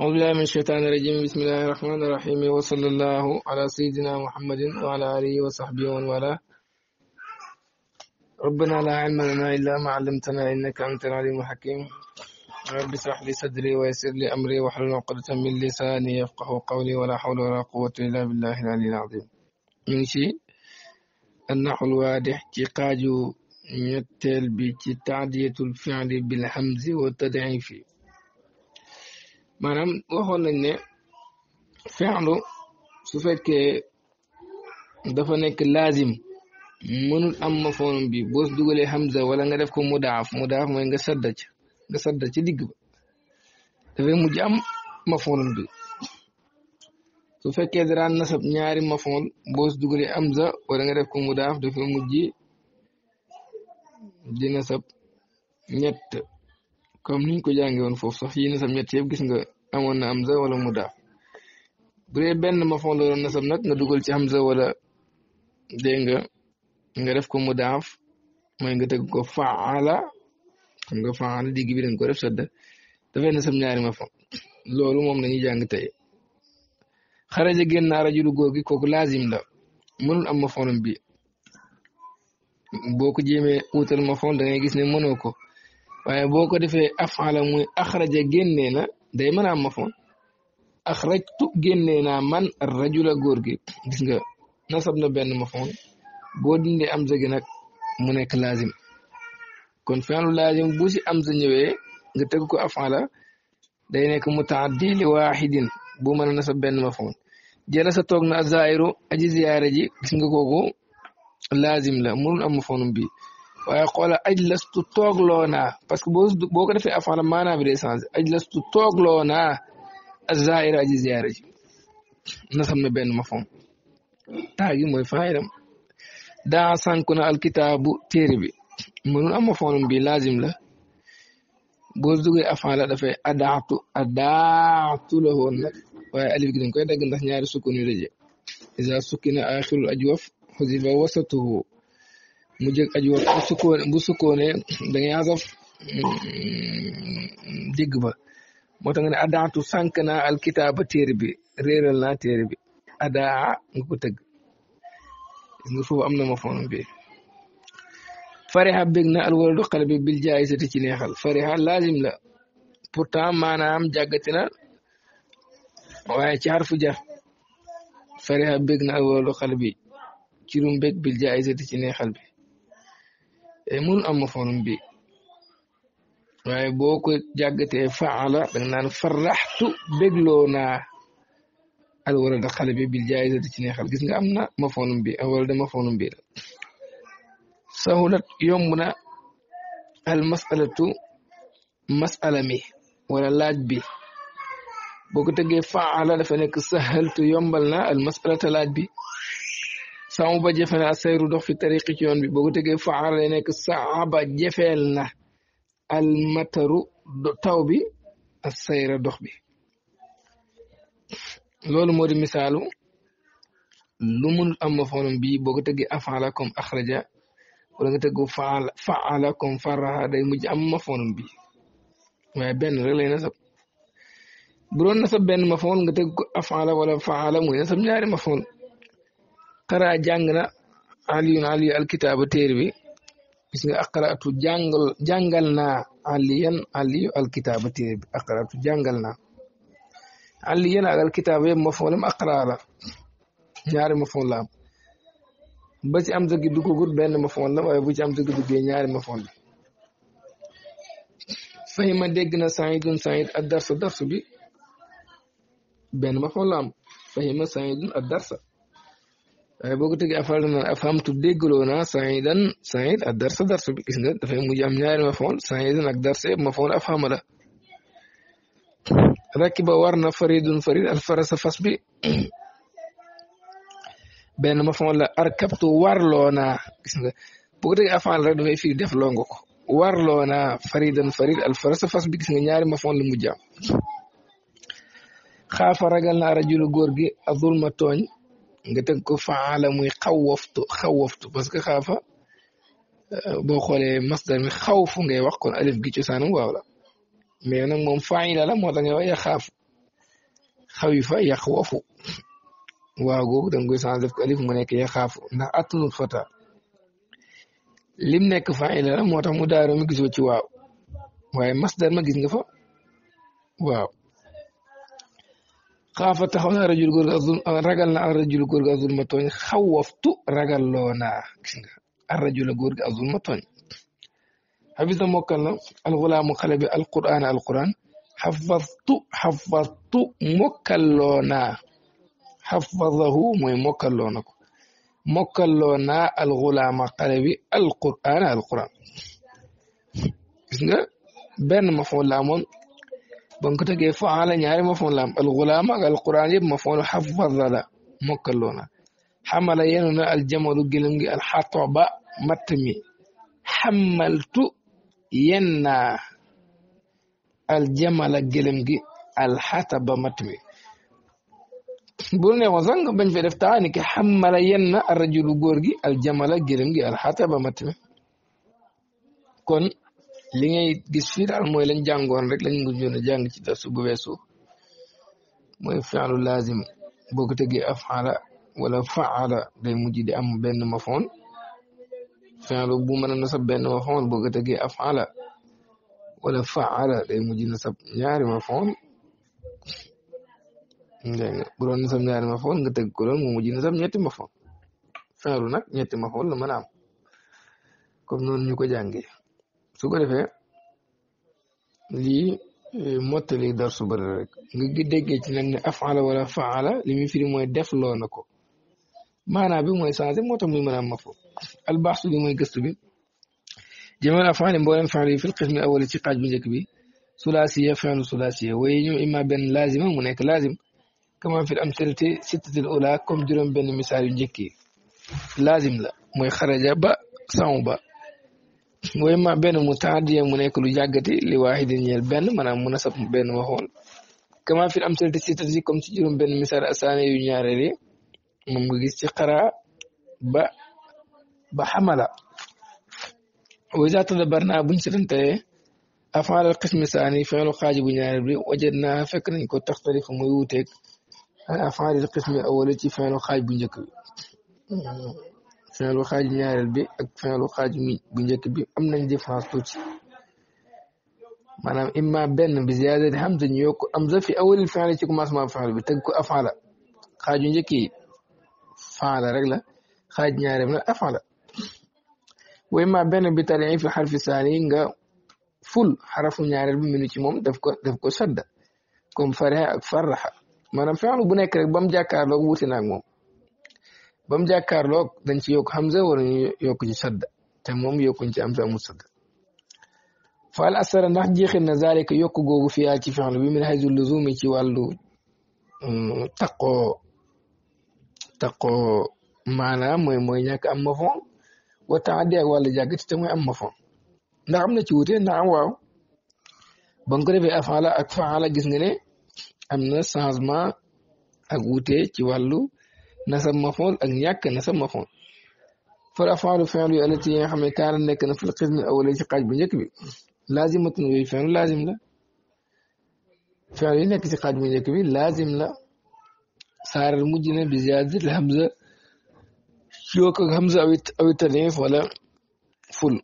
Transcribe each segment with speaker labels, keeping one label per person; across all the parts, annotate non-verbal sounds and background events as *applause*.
Speaker 1: أعوذ بالله من الشيطان الرجيم بسم الله الرحمن الرحيم وصلى الله على سيدنا محمد وعلى آله وصحبه ومن والاه ربنا لا علم لنا إلا ما علمتنا إنك أنت العليم الحكيم رب اشرح لي صدري ويسر لي أمري واحلل عقدة من لساني يفقه قولي ولا حول ولا قوة إلا بالله العلي العظيم من شيء النحو الواضح تقاج يتل بتعدية الفعل بالهمز والتضعيف maanaam waxoon nañ ne fexlu su fekkee dafa nekk laazim mënul am mafoon bi boo dugalee hamza wala nga def ko mudaaf mudaaf mooy nga sadda ca nga sadda ca digg ba dafay mujj am mafoon bi su fekkee daraan nasab ñaari mafoon boo dugalee hamza wala nga def ko mudaaf dafay mujj di nasab ñett comme niñ ko jàngee woon foofu sax yi nasab ñett yëpp gis nga amoon na hamza wala mudaaf bu dee benn mafoon la doon nasab nag nga dugal ci hamza wala dégg nga nga def ko mudaaf mooy nga teg ko faala xam nga faala digg bi dañ ko def sadda dafay nasab ñaari mafoon loolu moom la ñuy jàng tey xaraja génn naa rajulu góor gi kooku laazim la mënul am mafoonam bi boo ko jéemee wuutal mafoon da ngay gis ne mënoo ko. waaye boo ko defee afala muy axraja génnee na day mën a am mafoon axrajtu génnee naa man rajula góor gi gis nga nasab na benn mafoon boo dindee am zëgi nag mu nekk laazim kon fi'lu laazim bu si am sa ñëwee nga teg ko afala day nekk mu li waaxidin bu mën a nasab benn mafoon jalasa toog na zaayiru aji ziyaare ji gis nga kooku la mënul am mafoonum bi waaye xoolal aj lastu toogloo naa parce que boo boo ko defee afaan la bi day changé aj lastu toogloo naa ak zaahira aji ziyaara ji na xam ne benn ma fom taa gi mooy faayidam daa sànku na alkitaabu téere bi mënul bi laazim la boo duggee afaan la dafay adaatu la woon nag waaye alif gi dañ koy dagg ndax ñaari sukkoon yu daje iza sukkina axirul ajwaf xusifa wasatuhu mu jëg aji woon bu sukkoone bu sukkoone da ngay asaf digg mm, ba moo tax nga ne adaatu sànq naa alkitaaba téere bi réeral naa téere bi adaa nga ko tëgg gis nga foofu am na ma foon bi fariha bég na alwaladu xale bi bil jaayisati ci neexal fariha laazim la pourtant maanaam jàggati na waaye ci xarfu jar fariha bég na alwaladu xale bi ci rum bég bil jaayisati ci neexal bi mun am mafoonum bi waaye boo ko jàggatee faala dang naan faraxtu bégloo naa al wala da xale bi bil jaayisati ci neexal gis nga am na mafoonum bi al wala da mafoonum bi la sahulat yomb na al masalatu masala mi wala laaj bi boo ko tëggee faala dafa nekk sahaltu yombal na al masalata laaj bi sama ba jafe na sayru dox fi tariqi ci yoon bi boo ko tegee faala lay nekk saaba jafeel na al mataru taw bi ak sayra dox bi loolu moo di misaalu lu munul am ma foonam bii boo ko tegee afaala comme axraja wala nga tegu faala faala comme faraha day mujj am ma foonam bii waaye benn rek lay nasab bu doon nasab benn ma foon nga teg ko afaala wala faala muy nasab ñaari ma foon xaraa jàng na aliyun aliyu alkitaaba téere bi gis nga aqaraatu jàngal jàngal naa aliyan aliyu alkitaaba téere bi aqaraatu jàngal naa aliyan ak alkitaaba yëpp ma foolam aqaraa la ñaari ma foon la am ba ci am zagi duggagul benn ma foon la waaye bu ci am zagi duggee ñaari ma foon la fahima dégg na sayidun sayid ad darsa darsu bi benn ma foon fahima sayidun ad darsa waaye boo ko tëggee afal na afhamtu déggloo naa saidan said ak darsa darsa bi gis nga dafay mujj am ñaari mafool darsa yëpp mafool la rakiba war na farid al farasa fas bi *clears throat* benn mafool la arkabtu warloo naa gis nga boo ko tëggee afal rek dafay firi def longo ko warloo naa faridan farid al farasa fas bi gis nga ñaari mafool la mujj am *clears throat* xaafa ragal naa rajulu góor nga teg ko faala muy xaw waftu xaw woftu parce que xaafa euh, boo xoolee masdar mi xawfu ngay wax kon alif gi cosaanam waaw la mais nag moom faayila la moo tax ngay wax yaxaafu fa yaxwafu waaw googu da nga koy change def ko mo mu nekk yaxaafu ndax atulul fata lim nekk faayila la moo tax mu daaroo mi gisoo ci waaw waaye masdar ma gis nga fa waaw xaafa taxaw na rajul góor ga ragal na rajul góor ga azul ma tooñ xawaftu ragal loo naa gis nga arrajul góor azul ma tooñ xafisa mokkal na alxulaamu xale bi alquran alquran xafastu xafastu mokkal loo naa xafazahu mooy mokkal loo na ko mokkal loo naa alxulaama ma foon ba nga ko tegee faala ñaari mafoon la am alxulaama ak alquran yëpp mafoonu xafaza la mokkaloo na xamala yenu na aljamalu gëlëm gi alxatoba matt mi xamaltu yen naa aljamala gëlëm gi alxataba matt mi bu neexoon sax nga bañ fee def taa ni ki xamala yen na arrajulu góor gi aljamala gëlëm gi alxataba matt mi kon li ngay gis fii daal mooy lañ jàngoon rek lañ ngi jóna jàng ci tasu bu weesu mooy faalu laazim boo ko tëggee afxaala wala faala day mujj di am benn mafoon faalu bu mën a nasab benn mafoon boo ko tëggee afxaala wala faala day mujj nasab ñaari mafoon dégg nga bu doon nasab ñaari mafoon nga tëgg ko loolu mu mujj nasab ñetti mafoon faalu nag ñetti mafoon la mën a am comme noonu ñu ko jàngee su ko defee lii eh, mottali dar su bëri gi déggee ci nag afala wala faala li muy firi mooy def loo na ko maanaam bi mooy changé moo tax muy mën a ma foofu albaaxsu bi mooy gëstu bi jëmel afaali mboolem faal yi fil qismi awali ci xaaj bu njëkk bi sulaasiya feenu sulaasiya waaye ñoom imma benn laazima mu nekk laazim kama fil amsilati sittatil ula comme juróom benn misaal yu njëkk yi la mooy xaraja ba samu mooy ma benn mu taadiya mu nekk lu jàggati li waahidin ñeel benn maanaam mu nasab benn waxoon kama fi am sel si tasi comme ci juróom benn misaal asaane yu ñaareel yi moom nga gis ci xara ba ba xamala wa iza tadabbarnaa buñ setantalee afaal al qismi saani fi'lu xaaj bu ñaareel bi fekk nañ ko taxtalifu muy wuuteeg afaal al qismi awwal ci fi'lu xaaj bu njëkk finaalu xaaju ñaareel bi ak finaalu xaaju bu njëkk bi am nañ différence tuuti maanaam imma benn bi ziyaadati hamza ñu yokk hamza fi awalil fi'li ci commencement fi'l bi teg ko af'ala xaaju njëkk yi fa'ala rek la xaaju ñaareel bi nag af'ala wa imma benn bi tali fi xarfi saani nga ful xarafu ñaareel bi minu ci moom daf ko daf ko sadda comme fariha ak faraha maanaam fi'lu bu nekk rek ba mu jàkkaarloo wuute na ak moom ba mu jàkkaarloog dañ ci yokk hamza wala ñu yokk ci sadda te moom yokkuñ ci hamza amul sadda faal asara ndax jeexin na zalika yokk googu fiyaa ci fexlu bi min haysu luzumi ci wàllu mm, taqoo taqoo maanaam mooy mooy ñàkk am mafon wa taaddi ak wàllu jàggati te mooy am mafon ndax am na ci wute ndax am waaw ba defee afaala ak faala gis nga ne am na changement ak wute ci wàllu نسب مفعول أن يك نسب مفعول فالأفعال فعل التي يحمل كان أنك في القسم الأول ليس قاجبا يكبي لازم تنوي فعل لازم لا فعل أنك في قاجبا يكبي لازم لا صار المجنة بزيادة الهمزة شوك همزة أو أو تنيف ولا فل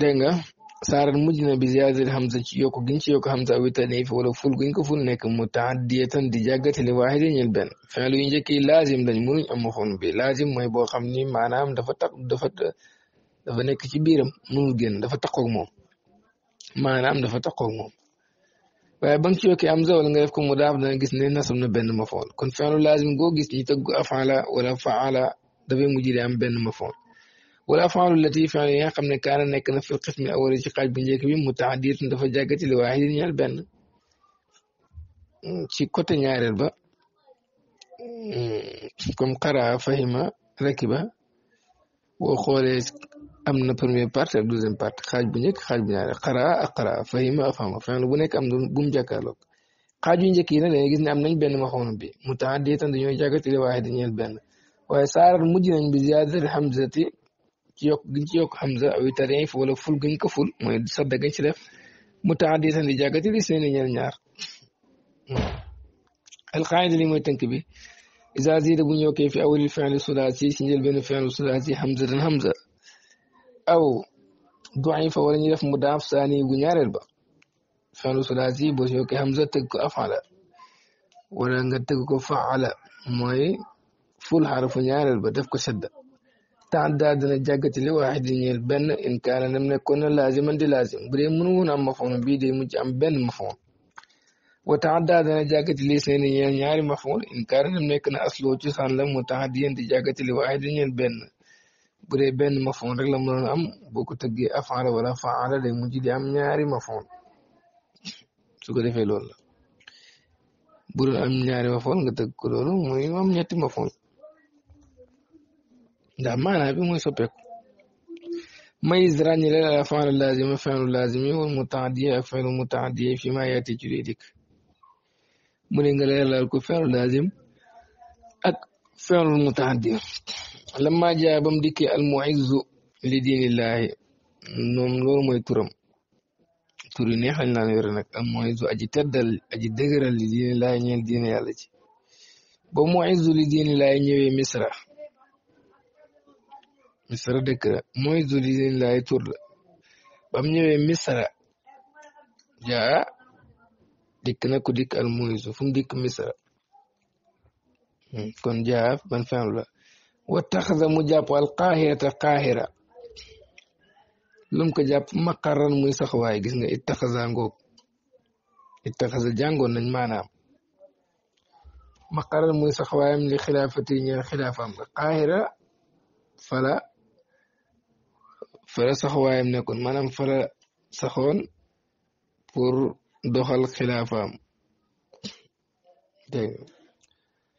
Speaker 1: لينغا saaran mujj na bi ziyaadatil hamza ci yokku giñ ci yokku hamza awi tanif wala ful guñ ko ful nekk mutaadiyatan di jàggati li waahidin ñel benn fi'il yu njëkk yi laazim lañ munuñ am xun bi laazim mooy boo xam ni maanaam dafa taq dafa dafa nekk ci biiram munul génn dafa taqoog moom maanaam dafa taqoog moom waaye ba nga ci yokkee hamza wala nga def ko mudaaf dana gis ne nasab na benn mafool kon fi'il laazim goo gis ñi tëgg afaala wala faala dafay mujj di am benn mafool والافعال التي فعلها قبل كان انك في القسم الاول في قلب جيكبي متعدية دفع جاكتي لواحد من البن شي كوتا نيار البا كم قرا فهم ركبا وخولي امنا برمي بارت دوزيم بارت خاج بنيك خاج بنيك قرا اقرا فهم افهم فهم بنيك ام بوم جاكالوك خاج بنيك هنا لاني جيت نعمل بن مخون بي متعدية دفع جاكتي لواحد من البن وهي صار مجنن بزيادة الحمزة ci yokk giñ ci yokk hamza aw tariin fa wala ful giñ ko ful mooy sadda gañ ci def mutaaddatan di jàggati li seen ñaar ñaar alqaayida li mooy tënk bi izaa ziida bu ñu yokkee fi awalil fi'li sulaasi si njëlbeenu fi'lu sulaasi hamza dan hamza aw du'ifa wala ñu def mudaaf saani bu ñaareel ba fi'lu sulaasi boo si yokkee hamza tëgg ko afala wala nga tëgg ko faala mooy ful xarafu ñaareel ba def ko sadda taaddaa dana jàggati li waaxid li ñeel benn in kaana nam nekkoon na laaziman di laazim bu dee mënu woon am mafoon bii day mujj am benn mafoon wa taaddaa dana jàggati li seen i ñeel ñaari mafoon in kaana nam nekk na asloo ci saan la mu taadiyan di jàggati li waaxid li ñeel benn bu dee benn mafoon rek la mënoon am boo ko tëggee afaala wala faala day mujj di am ñaari mafoon su ko defee loolu la bu doon am ñaari mafoon nga tëgg ko loolu muy am ñetti mafoon ده معنى به يسبق ميز راني لا الأفعال اللازمة فعل اللازم والمتعدية فعل متعدية فيما يأتي جديدك mu ne nga leeralal ko feerul laazim ak feerul mutaaddi lamma jaa bam dikkee al muizzu li diinillaahi moom loolu mooy turam tur yi neex lañ naan yore nag al muizzu aji teddal aji dëgëral li diinillaahi ñeel diine yàlla ci ba muizzu li diinillaahi ñëwee misra misra dëkk la mooy zul yi liñ laay tur la bam ñëwee misra na ku dikk al moysu fu mu dikk misra hmm, kon jaa ban fam la wa taxasa mu jàpp al qaahirata qaahira lum ko jàpp maqarran muy saxwaay gis nga it taxasa ngoog it taxasa jàngoon nañ maanaam maqarran muy saxwaayam li xilaafati ñeel xilaafaam nga qaahira fala fare nekkoon maanaam fara saxoon pour doxal xilaafaam dégg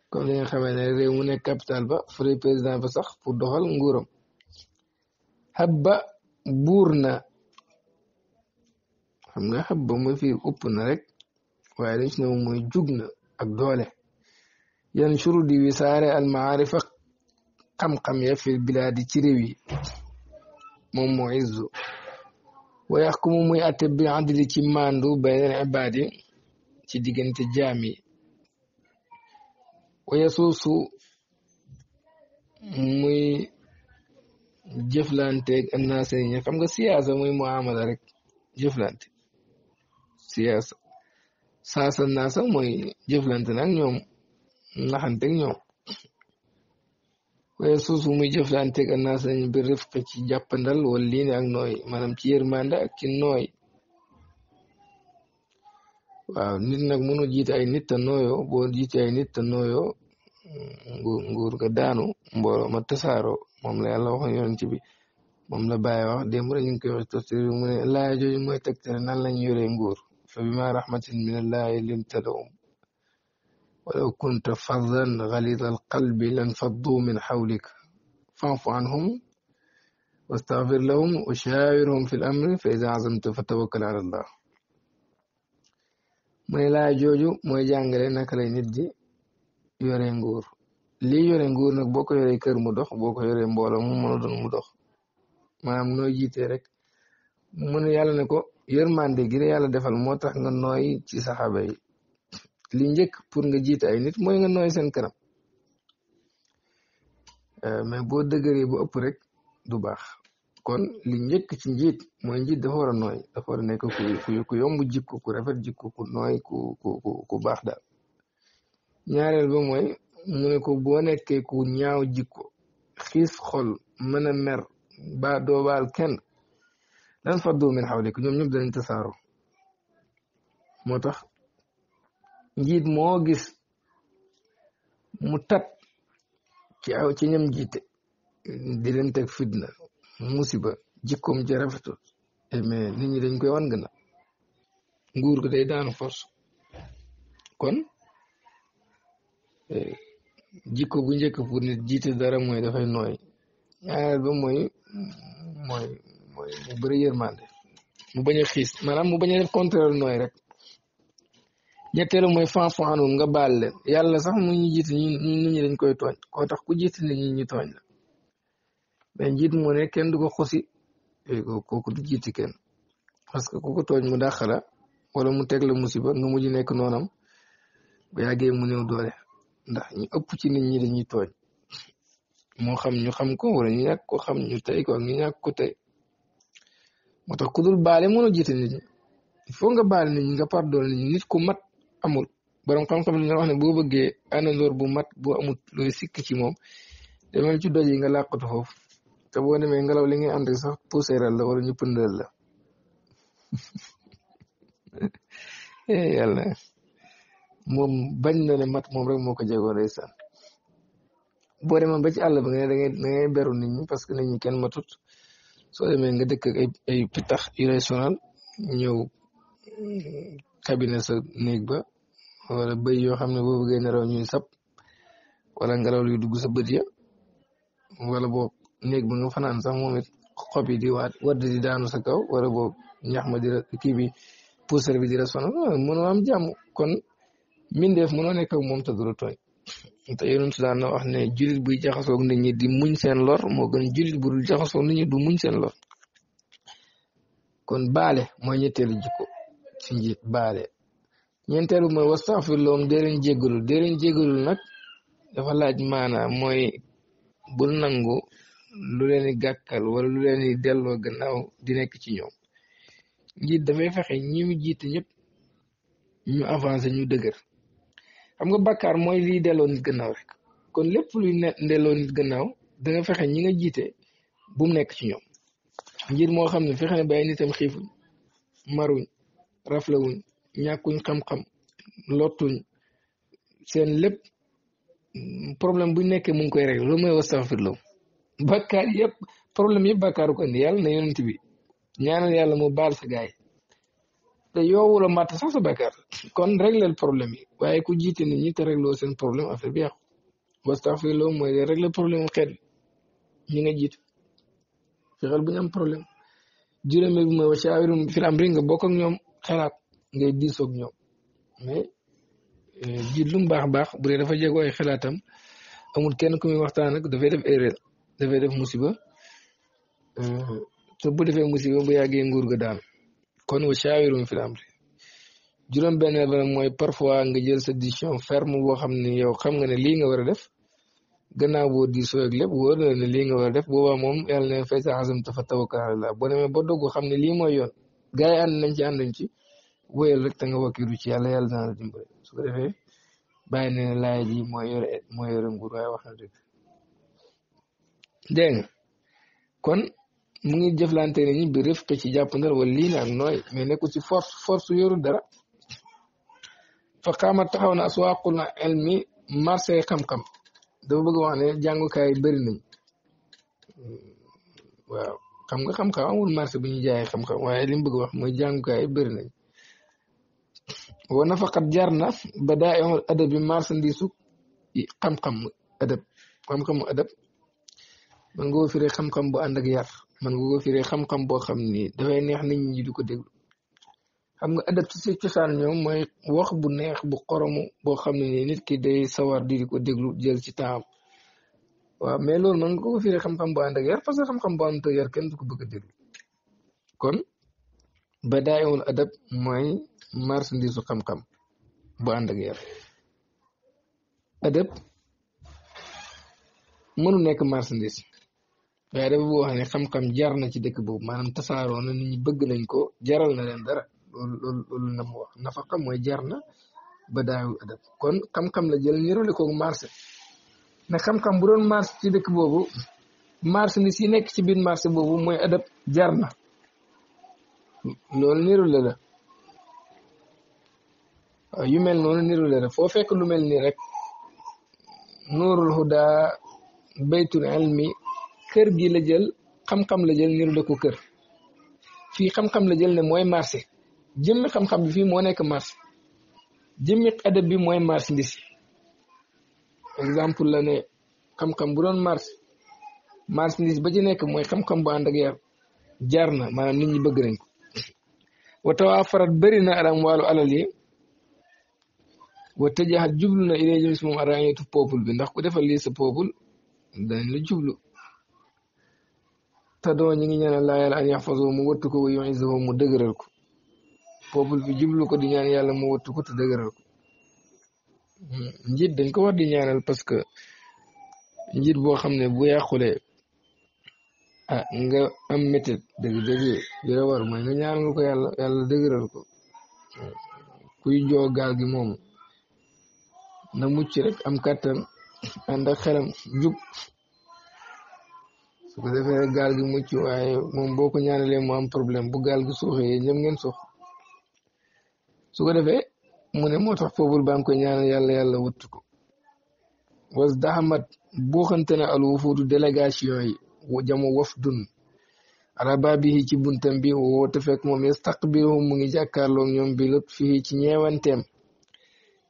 Speaker 1: comme li nga xamee ne réew mu nekk capital ba fure président ba sax pour doxal nguuram habba buur na xam nga habba mooy fii upp na rek waaye liñ si ne mooy jug na ak doole yan shuru di wisaare al maarifa xam-xam ya fi bilaadi ci réew yi moom moo izzu wa yaxkumu muy atte bi adli ci mandu baynal ibaadi ci diggante jaam yi wa yasuusu muy jëflanteeg annaas yi xam nga siyaasa muy muamala rek jëflante siyaasa saasa naasa mooy jëflante nag ñoom naxanteeg ñoom waaye suusu muy jëflanteeg annaas nañ bi rifq ci jàppandal wala liine ak nooy maanaam ci yërmande ak ci nooy waaw nit nag mënu jiite ay nit te nooyo boo jiite ay nit te nooyo nguur ga daanu mbooloo ma tasaaro moom la yàlla waxoon yonent bi moom la bàyyi wax démb rek ñu ngi koy wax tafsir mu ne laaya jooju mooy tegtere nan lañ yoree nguur fa bi ma rahmatin min allahi linta lahum ولو كنت فظا غليظ القلب لانفضوا من حولك فاعف عنهم واستغفر لهم وشاورهم في الامر فاذا عزمت فتوكل على الله موي لا جوجو موي جانغالي ناك لا نيت دي يوري نغور لي يوري نغور نك بوكو يوري كير مو دوخ بوكو يوري مبولا مو مانو دون مو دوخ مانام نوي جيتي ريك مون يالا نكو يرماندي غير يالا ديفال موتاخ نغا نوي سي صحابه li njëkk pour nga jiit ay nit mooy nga nooy seen kanam euh, mais boo dëgëree ba ëpp rek du baax kon li njëkk ci njiit mooy njiit dafa war a nooy dafa war a nekk ku ku yomb jikko ku rafet jikko ku nooy ku baax daal ñaareel ba mooy mu ne ko boo nekkee ku ñaaw jikko xiis xol mën a mer ba doo kenn lan faddu min xawlik ñoom ñëpp danañ tasaaroo moo tax njiit moo gis mu tab ci aw ci ñam jiite di leen fitna musiba jikkoom ja rafetul eh, mais nit koy wan gën a nguur gi day daan force kon eh, jikko gu njëkk pour nit jiite dara mooy dafay nooy ñaareel ba mooy mooy mooy mu bëri yërmande mu bañ a xiis maanaam mu bañ a nooy rek ñetteelu mooy fanfanum nga baal leen yàlla sax mu ñu jiite ñu nit ñi dañ koy tooñ koo tax ku jiite nit ñi ñu tooñ la mais jiit moo ne kenn du ko xosi eh, kooku du jiiti kenn parce que ku ko tooñ mu dàq la wala mu teg la musiba nga mujj nekk noonam bu yàggee mu néew doole ndax ñu ëpp ci nit ñi dañuy tooñ moo xam ñu xam ko wala ñu ñàkk ko xam ñu tey ko ak ñu tey moo ku dul baale mënoo jiite nit ñi nga baale nit nga pardon nit ñi nit ku mat amul borom xam-xam dina wax ne boo bëggee anandoor bu mat boo amut looy sikk ci moom demal ci doj yi nga làqatu foofu te boo demee ngelaw li ngay andi sax puuséeral la wala ñu pëndal la yàlla moom bañ na ne mat moom rek moo ko jegoo ndeysaan boo demoon ba ci àll ba nga da ngay da ngay beru nit ñi parce que nit ñi kenn matut soo demee nga eh, dëkk ak eh, ay ay pitax irrational lay ñëw xebina sa néeg ba wala bëy yoo xam ne boo bëggee nelaw ñuy sap wala ngelaw luy dugg sa bët ya wala boog néeg ba nga fanaan sax moom it yi di waat wadd di daanu sa kaw wala boog ñax ma di la kii bi puusar bi di am jàmm kon mindeef mënoo nekk ak moom te du la tooñ *laughs* te yonent daan na wax ne jullit buy jaxasoog nit di muñ seen lor moo gën jullit bu dul jaxasoog nit ñi muñ seen lor kon baale mooy ñetteelu jikko si baale ñeenteelu mooy wastaxfirloom dee leen jéggalul dee leen nag dafa laaj maanaam mooy bul nangu lu leen di gàkkal wala lu leen di delloo gannaaw di nekk ci ñoom njiit dafay fexe ñi mu jiite ñëpp ñu avancé ñu dëgër xam nga bàkkaar mooy liy delloo nit gannaaw rek kon lépp luy fexe ñi nga jiite bu mu nekk ci ñoom njiit moo xam ne fexe ne ba nitam xiifuñ maruñ raflewuñ ñàkkuñ xam-xam lottuñ seen lépp problème bu nekkee mu ngi koy régler loolu mooy wastaxfirloo bakkaar yépp problème yépp bakkaaru ko indi yàlla na yonent bi ñaanal yàlla mu baal sa gaay te yoowu la màtt sax sa bakkaar kon réglel problème yi waaye ku jiite nit ñi te régloo seen problème affaire bi yàqu wastaxfirloo mooy de régler problème xeet ñi nga jiite fexeel bu ñu am problème juróomee bi mooy wa shaawirum fil amri nga bokk ak ñoom xalaat ngay diisoog ñoom mais euh, jiit lu mu baax baax bu dee dafa jéego ay xalaatam amul kenn ku muy waxtaan ak dafay def erreur dafay def musiba euh, te bu defee musiba bu yàggee nguur ga daan kon wa shaawirum fil amri juróom benneel ba nag mooy parfois nga jël sa décision ferme boo xam ne yow xam nga ne lii nga war a def gannaaw boo diisoo ak lépp lii nga war a def boobaa moom yàlla na fay sa xasam tafa tawakkal ala boo ba dogg xam ne lii mooy yoon gars yi ànd wéyal rek te nga ci yàlla yàlla dana la dimbale su ko defee bàyyi na laay ji mooy yore mooy yore nguur waaye wax na dëgg dégg nga kon mu ngi jëflante ne ñi bi rifqi ci jàpp ndal wala lii ak nooy mais nekku ci force force yoru dara fa xaamat taxaw na ilmi marché xam-xam dafa bëgg wax ne jàngukaay bëri nañ waaw xam nga xam-xam amul marché bu ñu jaayee xam-xam waaye li bëgg wax mooy jàngukaay bëri nañ wa nafaqat jar na badaa'ul adab marsandisu xam-xam adab xam-xamu adab man nga ko firee xam-xam bu ànd ak yar man nga ko firee xam bo boo xam ni dafay neex nit ñi di ko déglu xam nga adab ci si cosaan ñoom mooy wax bu neex bu xoromu boo xam ni nit ki day sawar di ko déglu jël ci taam waaw mais loolu man nga ko firee xam-xam bu ànd ak yar parce que xam-xam bu ànd ak yar kenn du bëgg a kon badaa'ul adab mooy marsandiisu xam-xam bu ànd ak yar adab mënu nekk marchandise waaye dafa boo wax ne xam-xam jar na ci dëkk boobu maanaam tasaaroo na nit bëgg nañ ko jaral na leen dara loolu loolu loolu na mu mooy jar na ba daawu adab kon xam-xam la jël nirole koog marché na xam-xam bu doon marché ci dëkk boobu marchandise yi nekk ci biir marché boobu mooy adab jar na loolu nirole la Ah, yu mel noonu nirule rek foo fekk lu mel nii rek nuurul huda baytul mi kër gi la jël xam-xam la jël nirule ko kër fii xam-xam la jël ne mooy marché jëmmi xam-xam bi fii moo nekk marché jëmmi adab bi mooy marchandise exemple la ne xam-xam bu doon marché marchandise ba ci nekk mooy xam-xam bu ànd ak yar jaar na maanaam nit ñi bëgg nañ ko wa tawaafarat bëri na aram alal yi wa tëjaat jublu na ilay jëm si moom araañatu peuple bi ndax ku defal lii sa peuple dañ la jublu te doo ñu ngi ñaanal laa yàlla an yaxfasoo mu wëttu ko mu dëgëral ko peuple bi jublu ko di ñaan yàlla mu wëttu ko te dëgëral ko njiit dañ ko war di parce que njiit boo xam ne bu yàqulee ah nga am métit dëgg-dëgg li joo gaal gi moom na mucc rek am kàttan ànd ak xelam jub su ko defee gi mucc waaye moom boo ko ñaanalee mu am problème bu gaal gi suuxee yéen ñëpp ngeen suux su ko defee mu ne moo tax foobul baa ngi koy ñaanal yàlla yàlla wattu ko was daxamat boo xamte ne al wufuudu délégation yi jamo wafdun ala baabihi ci buntam bi woote fekk moom yastaqbiluhum mu ngi jàkkaarloo ñoom bi lëpp fii ci ñeewanteem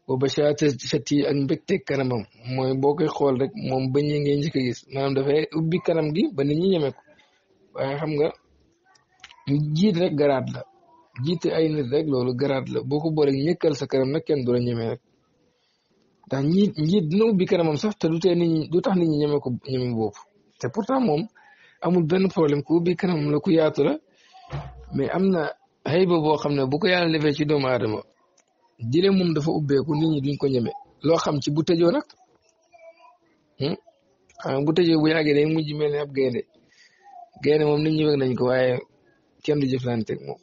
Speaker 1: wa bashaat shati ak mbégte kanamam mooy boo koy xool rek moom bëñ yi ngay njëkk a gis maanaam ubbi kanam gi ba nit ñi ñeme ko xam nga jiit rek garaat la jiite ay nit rek loolu garaat la boo ko boolee ñëkkal sa kanam na kenn du la ñeme rek ndax njiit njiit dina ubbi kanamam sax te du tee tax nit ñi ñeme ko ñeme boobu te pourtant moom amul benn problème ku ubbi kanamam la ku yaatu la mais am na xëy ba xam ne bu ko yàlla ci doomu adama jële moom dafa ubbeeku nit ñi duñ ko ñeme loo xam ci bu tëjoo nag hmm? xam bu tëjoo bu yàggee day mujj mel ne ab gayne gaynde moom nit ñi nañ ko waaye kenn du jëflante ak moom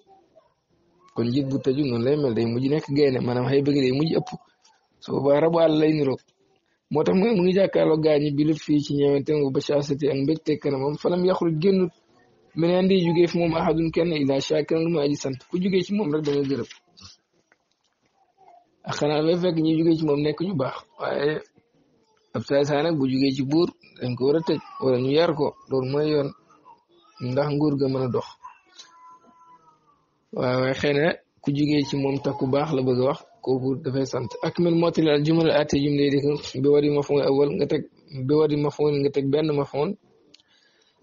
Speaker 1: kon njiit bu tëju noonu lay mel day mujj nekk gaynde maanaam xëy bëgg day mujj ëpp su boobaa lay niroog moo tax mu ngi jàkkaarloo gaañ ñi bi lépp fii ci ñëwanteel ba caasati ak mbégte kanamam falam yaxul me meneen di jugee fi moom ahadun kenn ila shakiran lu mu aji sant ku jugee ci moom rek dana gërëm ak xanaa lay fekk ñu ci moom nekk ñu baax waaye ab saay saay nag bu jugee ci buur dañ ko war a tëj wala ñu yar ko loolu mooy yoon ndax nguur ga mën a dox waaye waaye xëy na ku jugee ci moom takku baax la bëgg a wax kooku dafay sant ak min mottali al jumal ate jumle yi dëkk bi wari mafoon nga teg bi wari mafoon nga teg benn mafoon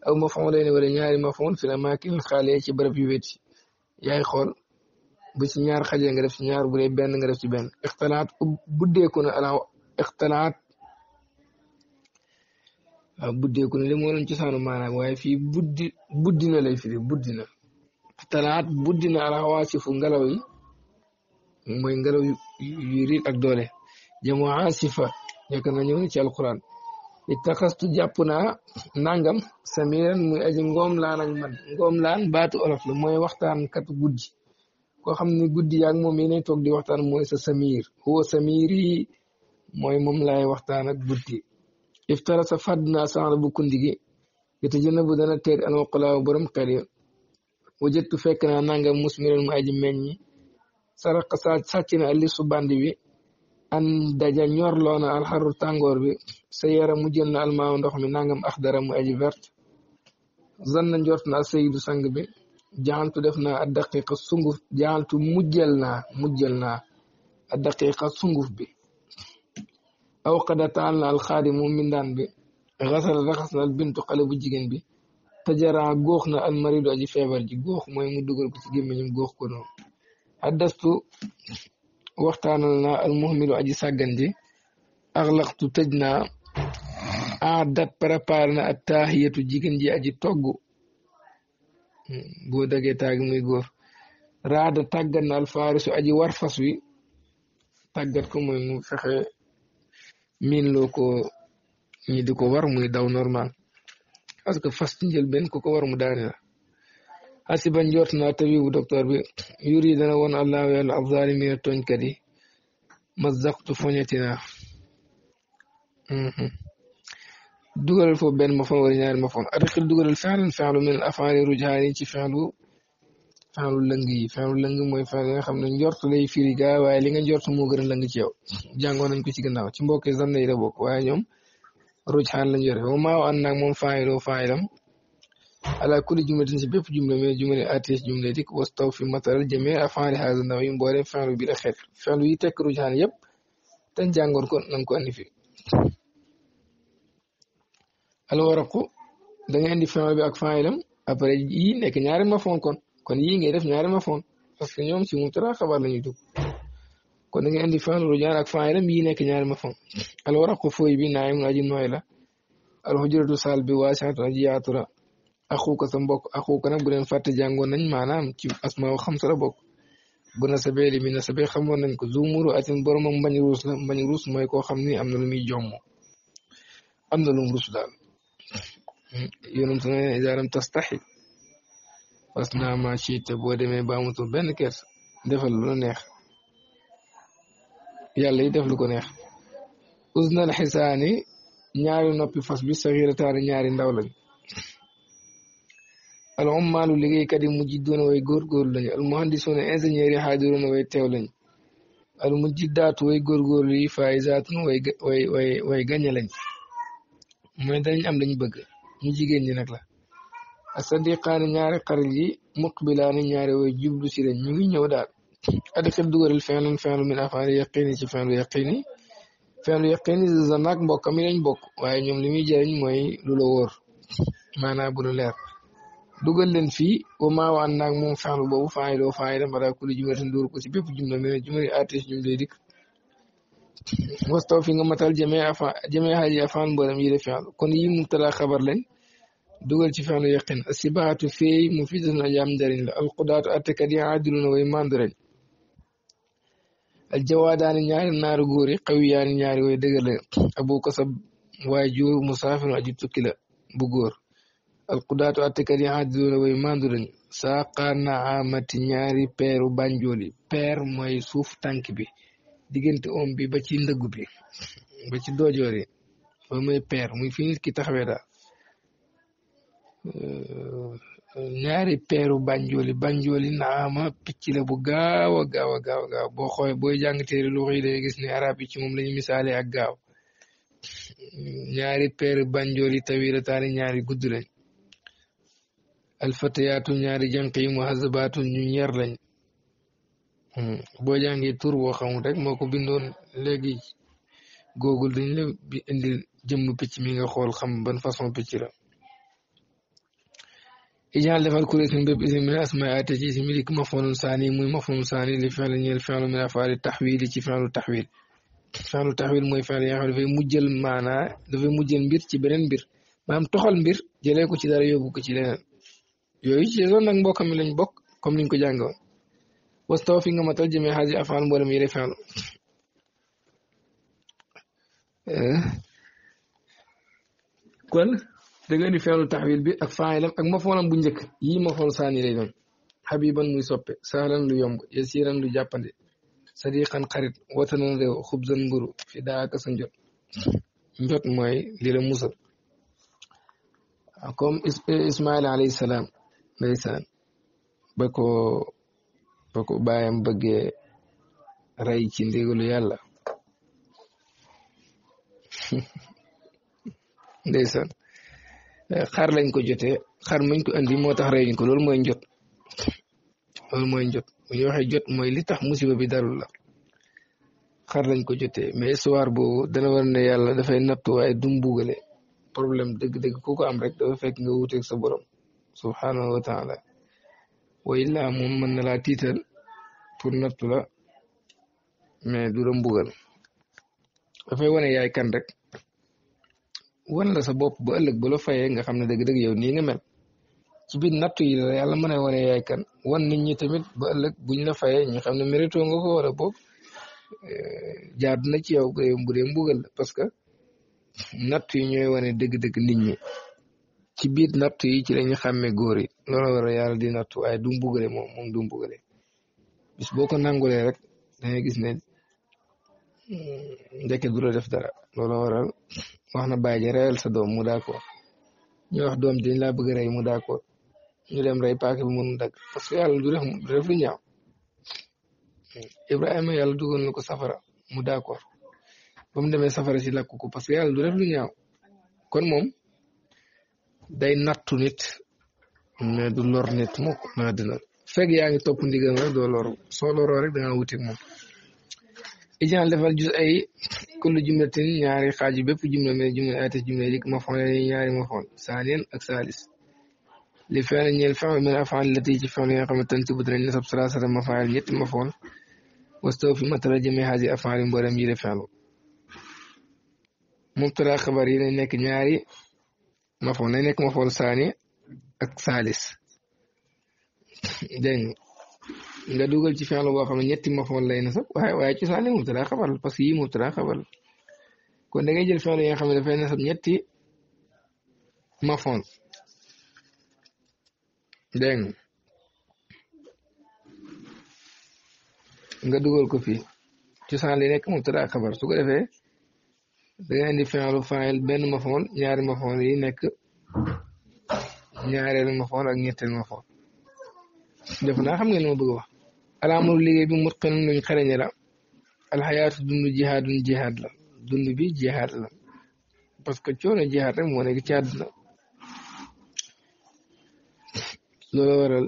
Speaker 1: aw mafoon lay ne wala ñaari mafoon fi la maakin xaale ci barab yu wéti yaay bu ci ñaar xajee nga def ci ñaar bu benn nga def ci benn ixtalaat buddeeku na ala ixtalaat waaw buddeeku na li moo doon cosaanu maanaam waaye fii buddi buddina lay ixtalaat buddina ala waasifu ngelaw yi mooy ngelaw yu ak doole jamu asifa nekk na ñëw na ci alquran ittaxastu jàpp na nangam samiran muy aji ngoom laan ak man ngoom laan baatu olof la mooy waxtaan kat guddi koo xam ne guddi yaag moom yéenay toog di waxtaan mooy sa samir huwa samir yi mooy moom laay waxtaan ak guddi iftara sa fàdd naa saxla bu kundi gi yete jënn bu dana teer an waqalaaw borom xel fekk naa nanga musmiran mu aji meññi saraqa sa na ali su bandi bi an daja ñorloona alxaru tàngoor bi sa yara mu jënn almaaw ndox mi nangam axdara mu aji vert zanna njort na sayidu sang bi jaxaltu def na ak daqiqa sunguf jaxaltu mujjal na mujjal naa ak daqiqa sunguf bi aw xada taal na alxaadimu mindaan bi xasal raxas na albintu xale bu jigéen bi jara góox na almarido aji feebar ji góox mooy mu dugal ko ci gémmiñam góox ko noonu addastu waxtaanal naa almuhmilu aji sàggan ji axlaqtu tej naa adat préparé na ak taahiyatu jigéen ji aji togg boo dagee taagi muy góor raada tàggat na alfaarisu aji war fas wi tàggat ko mooy mu fexe miin loo ko di ko war muy daw normal parce que fas ci njël benn war mu daane la asiba njort naa tabibu docteur bi yur yi dana woon allah yàlla ab zaalimina tooñkat yi ma zaqtu foñetina mm-hmm. dugalal foofu benn mafoon wala ñaari mafoon adxil dugalal fexlan fexlu min afaali rujhaani ci fexlu fexlu lëng yi fexlu lëng mooy fexlu nga xam ne njort lay firi gaa waaye li nga njort moo gën a ci yow nañ ko ci ganaaw ci mbokk yi zanna la bokk waaye ñoom rujhaan lañ yore wa maa an naag moom faayiloo faayilam ala kulli jumlatin ci bépp jumla mais jumla atis jumla dik wastaw fi matalal jamee afaali haasa ndaw yi mboole fexlu bi la xeet fexlu yi tekk yëpp te jàngoon ko nañ ko andi fi alwaraqu da nga indi fin bi ak fa'ilam après yi nekk ñaari mafoon kon kon yii ngay def ñaari mafoon parce que ñoom ci mubtada xabar la ñuy dugg kon da nga indi fin rujaar ak fa'ilam yi nekk ñaari mafoon alwaraqu fooy bi naayimun aji nooy la alxujratu saal bi waasi'atun aji yaatu la axuuka sa mbokk axuuka nag bu leen fàtte jàngoon nañ maanaam ci asmaaw xamsa la bokk bu nasabee li mi nasabee xamoon nañ ko zuumuru atin boromam mbañ ruus la mbañ ruus mooy koo xam ni am na lu muy jomm am na lu mu ruus daal yonent ne idaa lam tastaxi fas naa maa ciite boo demee ba amatoo benn kersa defal lu la neex yàlla yi def lu ko neex usnal xisaani ñaari noppi fas bi saxirataani ñaari ndaw lañ al ummaalu liggéeykat yi mujjiddoona way góorgóorlu lañ al muhandisuuna ingénieur yi xaadiroona way teew lañ al mujjiddaatu way góorgóorlu yi faayizaatun way way way gañe mooy danañ am lañu bëgg ñu jigéen ñi nag la asadiqaani ñaari xarit yi muqbilaani ñaari way jublu si lañ ñu ngi ñëw daal adxil dugalal fenlun fenlu min afaan yaqini ci fenlu yaqini fenlu yaqini zanak mbokk mi lañ bokk waaye ñoom li muy jëriñ mooy lu la wóor maanaa bu lu leer dugal leen fii wa maa waan naag moom fenlu boobu faay doo faay dama daa kuli jumlatin duur ko si bépp jumla mene jumla artiste jumla dikk wastaw fi nga matal jëmee afaan jëmee xaal yi afaan mboolem yi def fi'l kon yi mubtada xabar lañ dugal ci fi'lu yaqin asibaatu feey mu fi dana jaam njëriñ la alqudaatu attekat yi aadiluna way mandu lañ aljawaadaani ñaari naaru góor yi xawiyaani ñaari way dëgër lañ abu kasab waaye juur musaafiru aji tukki la bu góor alqudaatu attekat yi aadiluna way mandu lañ saaqaa naamati ñaari peeru banjooli peer mooy suuf tànk bi diggante om bi ba ci ndëggu bi ba ci doojoor yi muy fi nit ki taxawee daal euh, ñaari peeru banjooli banjooli naama picc la bu gaaw a gaaw a gaaw gaaw boo xoolee booy jàng téere lu xëy day gis ne arab yi ci moom lañu misaale ak gaaw ñaari peeru banjooli tawila taani ñaari gudd lañ alfatayaatu ñaari yi muhazabaatu lañ Hmm. boo jàngee tur boo xam rek moo ko bindoon léegi Google dañ la bi indi jëmm picc mi nga xool xam ban façon picc la ijaal defal kuréel seen bépp isim ate ci isim lik saani muy mafhum saani li fi'l ñeel fi'l min afaali taxwiil ci fi'lu taxwiil fi'lu taxwiil mooy fi'l yaa xam dafay mujjal maanaa dafay mujjal mbir ci beneen mbir maanaam toxal mbir jëlee ko ci dara yóbbu ko ci leneen yooyu ci zone nag mbokk mi lañ bokk comme niñ ko jàngoon واستوى في مطلع جميع هذه أفعال ولم يري فعل كون دغاني فعل التحويل بي اك فاعل اك مفعول بنجك يي مفعول ثاني لي دون حبيبا موي سوبي سهلا لو يوم يسيرا لو جابندي صديقا قريب وطنا ريو خبزا نغرو في داك سنجر نجوت موي لي لا موسى اكم اسماعيل عليه السلام ليسان بكو ba ko baayam bëggee rey ci ndigalu yàlla *laughs* ndeysaan xar lañ ko jote xar mañ ko andi moo tax reyuñ ko loolu mooy njot loolu mooy njot bu jot mooy li tax musiba bi dalul la xar lañ ko jote mais histoire boobu dana war ne yàlla dafay nattu waaye du mbugale problème dëgg-dëgg ku ko am rek dafa fekk nga wuuteeg sa borom subhanahu wa wa illaa moom mën na laa tiital pour nattu la mais du la mbugal dafay wane yaay kan rek wan la sa bopp ba ëllëg ba la fayee nga xam ne dëgg-dëgg yow nii nga mel ci biir nattu yi yàlla mën a wane yaay kan wan nit ñi tamit ba ëllëg buñ la fayee ñu xam ne mérito nga ko wala boog eh, na ci yow bu dee mbugal parce que nattu yi ñooy wane dëgg-dëgg nit ñi ci biir nattu yi ci lañu xàmmee góor yi loola waral yàlla di nattu waaye du mbugale moom du mbugale bis boo ko nangulee rek da ngay gis ne hmm, ndeke du def dara loola waral wax na bàyyi ji reyal sa doom mu d'accord ñu wax doom dañ laa bëgg a rey mu d'accord ñu dem rey paaka bi mënu dagg parce que du def lu ñaaw Ibrahima yàlla dugal na ko safara mu d'accord ba mu demee safara si lakk ko parce yàlla du def lu ñaaw kon moom day nattu nit mais du lor nit mukk na dina fekk yaa ngi topp ndigam rek doo loru soo loroo rek danga wuti moom ijan defal jus ay kullu jumlatin ñaari xaaju bépp jumla mais jumla ay tas jumla dik ma foon ñaari ma foon saanien ak saalis li fenn ñeel fenn min afaan lati ci fenn yoo xam ne tanti bu dinañ nasab salaasata ma faayal ñetti ma foon wastaw fi matala jëme xaaji afaan yi mboolem yi de fenlu mubtara xabar yi nañ nekk ñaari ma foon nañ nekk ma foon saani ak saalis dégg nga dugal ci fi'il boo xam ne ñetti mafoon lay nasab waaye waaye ci saali mubtada xabar la parce que yi mubtada xabar la kon da ngay jël fi'il yi nga xam ne dafay nasab ñetti mafoon dégg nga dugal ko fii ci saali nekk mubtada xabar su ko defee da nga indi fi'il fa'il benn mafoon ñaari mafoon yi nekk ñaareelu ma foon ak ñetteelu ma foon def naa xam ngeen ma bëgg wax alaamul liggéey bi mutqinun luñ xarañe la alxayaatu dund jihaadun jihaad la dund bi jihaad la parce que coono jihaad rek moo nekk ci àdduna loolu waral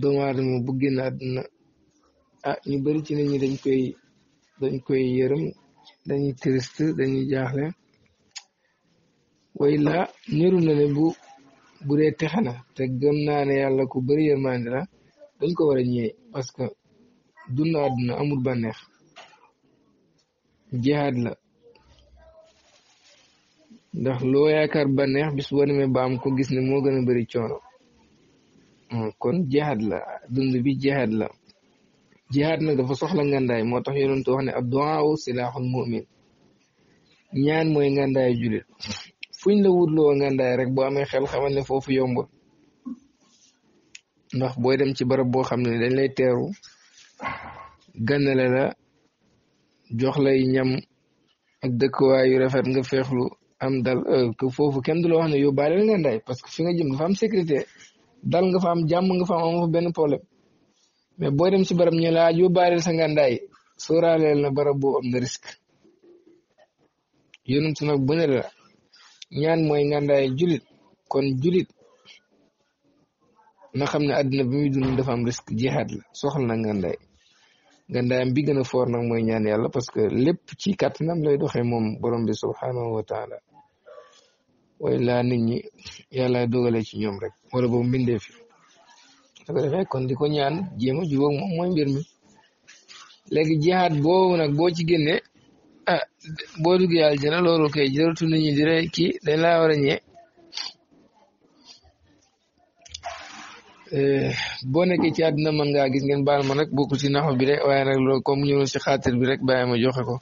Speaker 1: doomu aadama bu génn ah ñu bëri ci nit ñi dañ koy dañ koy yërëm triste dañuy jaaxle way la na ne bu bu dee texe na te gëm naa ne yàlla ku bëri yërmande la dañ ko war a ñëwee parce que dund àdduna amul bànneex jihaad la ndax loo yaakaar baneex bis boo demee ba am ko gis ne moo gën a bëri coono hmm, kon jihaad la dund bi jihaad la jihaad nag dafa soxla ngandaay moo tax yonentu wax ne ad du'a silaaxul mu'min ñaan mooy ngandaayu jullit fuñ la wutloo ngandaay rek boo amee xel xamal ne foofu yombul ndax booy dem ci barab boo xam ne dañ lay teeru gànnale la jox lay ñam ak dëkkuwaay yu rafet nga feexlu am dal euh, que foofu kenn du la wax ne yóbbaale ngandaay parce que fi nga jëm nga am sécurité dal nga fa am jàmm nga fa am amoo fa benn problème mais booy dem ci barab ñu laaj ah, yóbbaale sa ngandaay sóoraaleel na barab boo am na risque yonent nag bu ñaan mooy ngàndaay julit kon julit na xam ne àddina bi muy dund dafa am risque jihaad la soxla na ngàndaay ngàndaayam bi gën a foor nag mooy ñaan yàlla parce que lépp ci kàttanam lay doxee moom borom bi subhanahu wa taala way laa nit ñi yàlla dogale ci ñoom rek wala boobu mbindee fi su jihaad boobu nag boo ci génnee ah boo duggee aljana loolu kay jërëtu nit ñi dire kii dañ laa war a ñee eh, boo nekke ci àdduna mën ngaa gis ngeen baal ma nag bokku ci bi rek waaye nag loolu comme ñëw si xaatir bi rek bàyyi ma joxe ko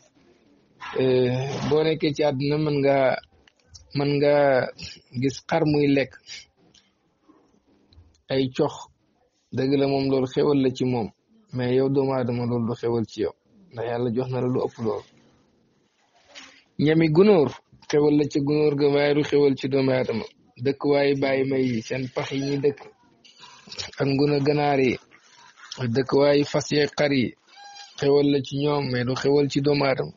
Speaker 1: eh, boo nekkee ci àdduna man ngaa man nga gis xar muy lekk ay cox dëgg la moom loolu xewal la ci moom mais yow doomu aadama loolu du xewal ci yow ndax yàlla jox na la lu ëpp loolu ñami gunóor xewal la ci gunóor ga waaye du xewal ci doomu aadama dëkk waaye bàyyi may yi seen pax yi ñuy dëkk ak nguna ganaar yi dëkk waaye fas yeeg xar yi xewal la ci ñoom mais du xewal ci doomu aadama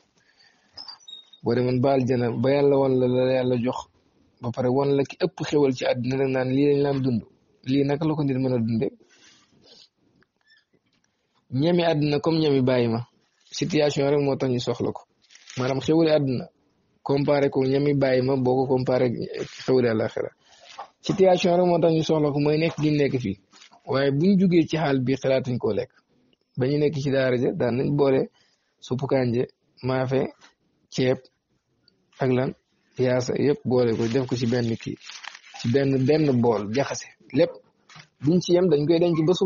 Speaker 1: boo demoon baal ba yàlla wan la la yàlla jox ba pare wan la ki ëpp xewal ci àddina nag naan lii lañ laan dund lii naka la ko nit mën a dunde ñami àddina comme ñami bàyyi ma situation rek moo tax ñu soxla ko maanaam xewale àdduna comparé ko ñami bàyyi ma boo ko comparé xewale àlaxira situation rek moo tax ñu soxla ko mooy nekk gi nekk fii waaye buñ jugee ci xaal bi xalaatuñ koo lekk ba ñu nekk ci daara ja daan nañ boole suppu kànje maafe ceeb ak lan yaasa yëpp boole ko def ko ci benn kii benn benn bool jaxase lépp ci yem dañ koy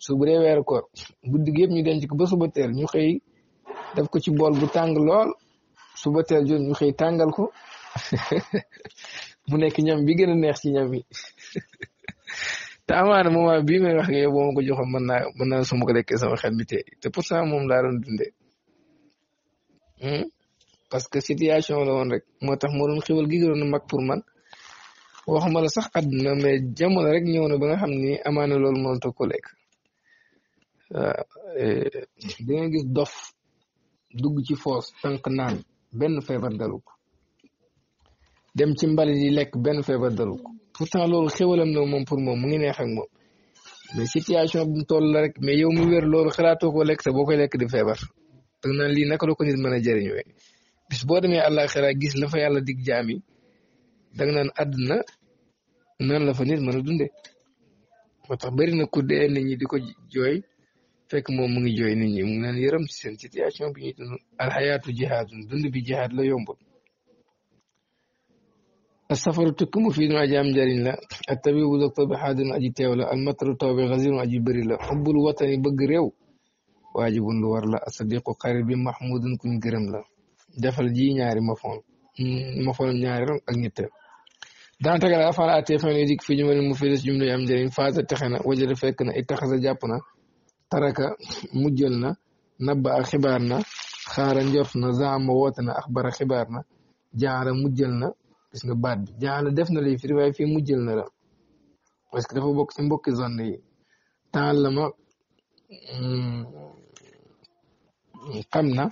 Speaker 1: su bu dee weeru yëpp ñu denc ko ba suba teel ñu xëy def ko ci bool bu tàng lool suba te jot ñu xëy tàngal ko *laughs* mu nekk ñam bi gën a neex ci ñam yi *laughs* te amaana moment bii may wax nga yow boo ma ko joxo mën naa mën naa su ko lekkee sama xel mi tey te pourtant moom laa doon dundee hmm? parce que situation la woon rek moo tax moo doon xéwal gi na mag pour man waxuma la sax àdduna mais jamono rek ñëw na ba nga xam ni amaana loolu mënatoo ko lekk waaw eh, di gis dof dugg ci foos tànk naan benn feebar dalu dem ci mbalit yi lekk benn feebar dalu ko pourtant loolu xéwalam na moom pour moom mu ngi neex ak moom mais situation bi mu toll la rek mais yow mu wér loolu xalaatoo ko lekk te boo koy lekk di feebar danga naan lii naka la ko nit mën a bis boo demee àllaaxira gis la yàlla dig jaam yi danga naan àdduna nan la fa nit mën a moo tax bëri na ku dee nit ñi di ko jooy fekk moom mu ngi jooy nit ñi mu ngi leen yërëm ci seen situation bi ñuy dund alxayaatu jihaadun dund bi jihaad la yombul asafaru tukki mu fii dun aji am njariñ la ak tabibu docteur bi xaadun aji teew la almataru taw bi xasirun aji bëri la xubbul watani bëgg réew waajibun lu war la asadiqu xarit bi mahmudun kuñ gërëm la defal ji ñaari mafoon mafoon ñaari ron ak ñetteel dana tegal afaal atee fan yu dikk fi jumal mu fi des jumlu yu am njariñ faata texe na wajada fekk na it jàpp na taraka mujjal na nabba a xibaar na xaara njort na zaama woote na axbara xibaar na jaara mujjal na gis nga baat bi jaara def na lay firi waaye fii mujjal na la parce que dafa bokk si mbokki zone yi taalama xam na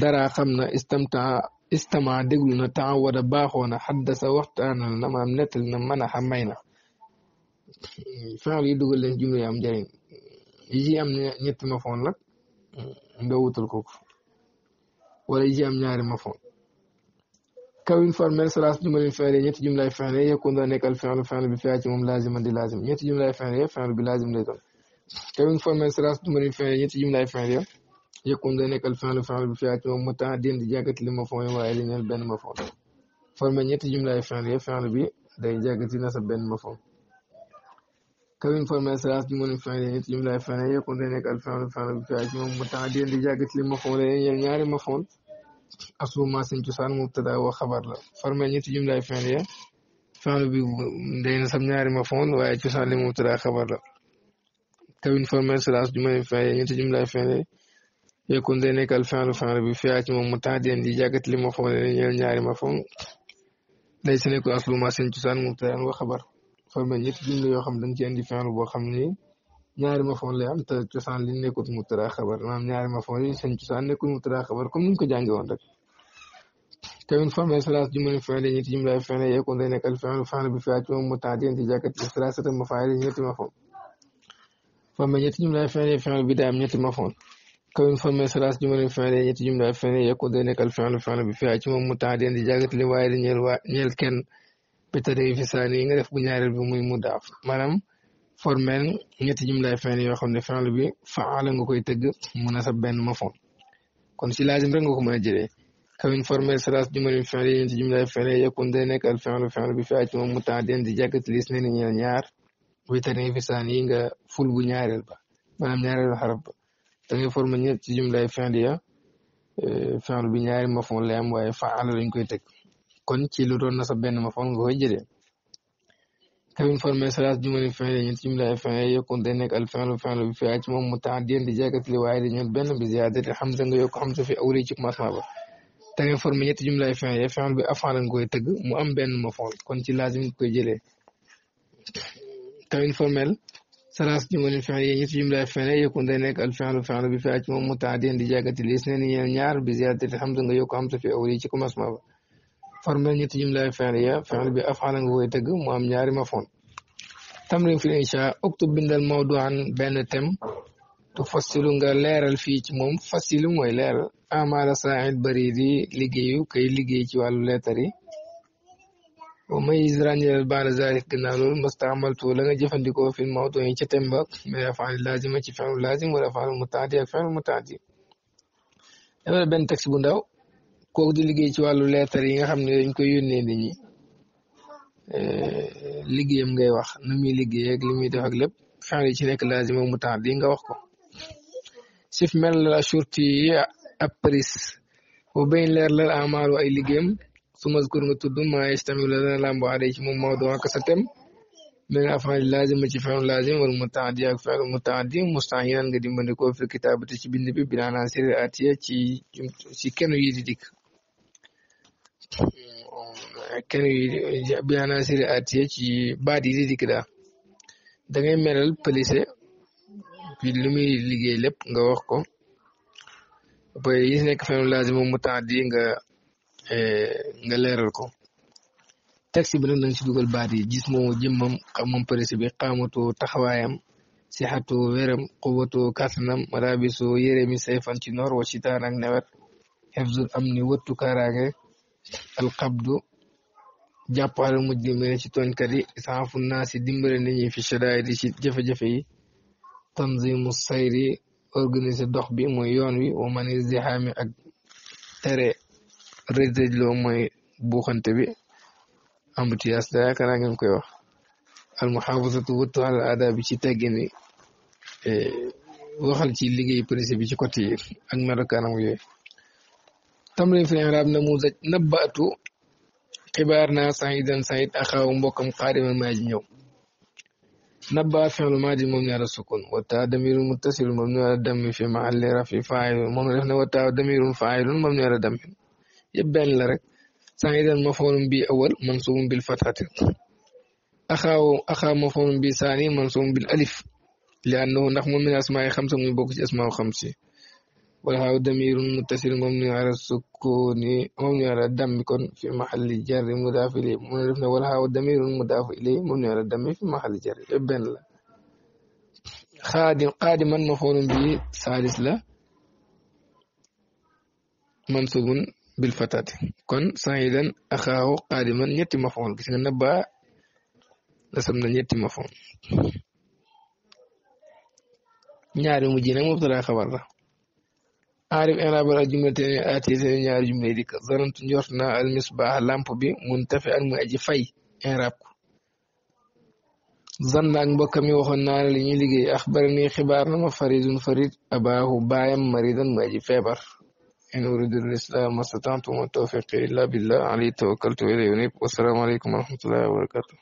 Speaker 1: dara xam na istamtaa istama déglu na temps wada baaxoo na xaddasa waxtaanal na maam nettal na mën a xamay na faal yi dugal leen jumla am njëriñ yi am ñetti mafoon nag nga wutal ko wala yi am ñaari mafoon kawin formel salaas jumlatin fi'liya ñetti jumlay fi'liya yakun daa nekkal fi'lu fi'l bi fi'aa ci moom laaziman di laazim ñetti jumlay fi'liya fi'l bi laazim lay doon kawin formel salaas bi fi'aa ci moom muta'addin di jàggati li yi waaye li benn mafoon formel ñetti jumlay fi'liya fi'l bi day jàggati nasab benn mafoon كوين فما سلاس من فعلين يتلم يعني لا فعلين يكون ذلك الفعل الفعل بفعل متعدين رجاء قتل مفعولين ينيار مخول أصل ما سنجسان مبتدا وخبر له فرما نيت جملة فعلية فعل بي دين سمنيار مخول وجسان لمبتدا خبر له كوين فرما ثلاثة من فعلين يتلم جملة فعلية يكون ذلك الفعل الفعل بفعل من متعدين رجاء قتل مفعولين ينيار مخول يعني ليس لك أصل ما سنجسان مبتدا وخبر forme ñetti jumla yoo xam dañ ci indi fin boo xam ni ñaari mafoon lay am te cosaan li nekkut mu tara xabar maanaam ñaari mafoon yi seen cosaan nekkul mu tara xabar comme ni ñu ko jànge woon rek كون فهم ثلاث جمل فعلية جملة فعلية يكون ذلك الفعل فعل بفعل متعدين تجاكة ثلاثة مفاعل نية مفعول فمن يت جملة فعلية فعل بداية نية مفعول كون فهم ثلاث جمل فعلية جملة فعلية يكون ذلك الفعل فعل بفعل متعدين تجاكة لواحد نيل كن bi tadee i saani yi nga def bu ñaareel bi muy mu daaf maanaam formel ñetti jumlaay fen yoo xam ne fenl bi faala nga koy tëgg mun a sa benn ma kon si laazim rek nga ko mën a jëlee kawin formel salaas jumalin fen yi ñetti jumlaay fen yokkun day nekk al fenlu fenl bi fi ci di jàkkat lis ne ni ñeel ñaar bi tadee fi saani yi nga ful bu ñaareel ba maanaam ñaareel xarab ba da ngay formé ñetti jumlaay fen ya euh, fenl bi ñaari ma fon lay am waaye faala lañ koy tëgg kon ci lu doon nasab benn mafoon nga koy jëlee kamin formé salaas jumali fin la ñetti jumla fin yokku day nekk al fin lu moom mu taaddiyan di jàkkat waaye di ñëw benn bi ziyaadati xamsa nga yokk xamsa fi awli ci commencement ba te nga formé ñetti bi afan la tëgg mu am benn mafoon kon ci laazim nga koy jëlee kamin formel salaas jumali fin la ñetti jumla fin la yokku day nekk al fin lu fin fi ci moom mu taaddiyan di jàkkat li ñaar bi ziyaadati xamsa nga yokk xamsa fi awli ci commencement ba formel ñetti jumlaay fi'liya fi'l bi af'ala nga koy tëgg mu am ma mafoon tamrin fil insha uktub bindal mawdu'an benn thème tu fassilu nga leeral fii ci moom fassilu mooy leeral amala saa'id bari di liggéeyu kay liggéey ci wàllu leetar yi wa mayyiz ràññeel baana zalik gannaaw loolu mustaamaltu la nga jëfandikoo fil mawdu'i ca thème ba mais af'al laazima ci fi'l laazim wala af'al mutaaddi ak fi'l mutaaddi benn bu ndaw kooku di liggéey ci wàllu leetar yi nga xam ne dañ koy yónnee nit ñi eh, liggéeyam ngay wax nu muy liggéey ak lépp fenn ci nekk laazima mu tax di nga wax ko sif mel la shurti ab pris bu bañ leer la amaalu ay liggéeyam su mazkur nga tudd maa yastamilu la dana làmbo aade ci moom mawdu ak sa tem ci fenn laazim mu tax di ak fenn mu tax di mustahilan nga dimbandikoo fi ci bind bi binaan siri atiya ci ci kenn yi di dikk Eh, kenn eh, bi anaasiri aatiya ci baat yi di dikk daal da ngay meral pëlise bi lu liggéey lépp nga wax ko ba yi nekk fenn laazim mu mutaaddi nga eh, nga leeral ko texte bi nag da nga si dugal baat yi gis moom jëmmam xam bi xaamatu taxawaayam sixatu wéram quwatu kàttanam rabisu yére mi sayfan ci noor wa ci taan ak nawet am ni wëttu kaaraange alxabdu jàppale mujrimiina ci tooñkat yi isaafu naa si dimbale nit fi shadaayid yi ci jafe-jafe yi tanzimu sayri organiser dox bi mooy yoon wi wa mani zihaami ak tere rëjrëjloo mooy buuxante bi ambutiyaas da yaakaar naa ngeen koy wax al muhafazatu wattu al aada ci teggin eh, waxal ci liggéey police bi ci côté yi ak melokaanam yooyu تمرين في الإعراب نموذج نبأت كبارنا سعيدا سعيد أخاه مبكم قارما ما جنيو نبأ في الماضي ممنوع السكون وتا دمير متصل ممنوع الدم في محل رفع فاعل ممنوع وتا دمير فاعل ممنوع الدم يبان لك سعيدا مفعول بي أول منصوب بالفتحة أخاه أخا مفعول بي ثاني منصوب بالألف لأنه نحن من أسماء خمسة من بوكس أسماء خمسة والهاء ضمير متصل مبني على السكون مبني على الدم كن في محل جر مضاف إليه منرفنا والهاء ضمير مضاف إليه مبني على الدم في محل جر ابن لا خادم قادما مفعول به سادس لا منصوب بالفتاة كن سعيدا أخاه قادما يتم مفعول كسنا نبا لسمنا يتم مفعول ñaari *laughs* مجينا nag mubtada aarif inabal ak jumlatee aati seen ñaari jumla yi dikk zanantu njort na al misbaax lamp bi mun tafe an muy aji fay inrab ko zan naag mbokk mi waxoon naa ne li ñuy liggéey axbar ni xibaar na ma faridun farid abaahu baayam maridan muy aji feebar in uridu lislam mastata'tu ma tawfiqi illa billah alayhi tawakkaltu wa ilayhi unib wassalaamu aleykum wa rahmatullahi wa barakatuh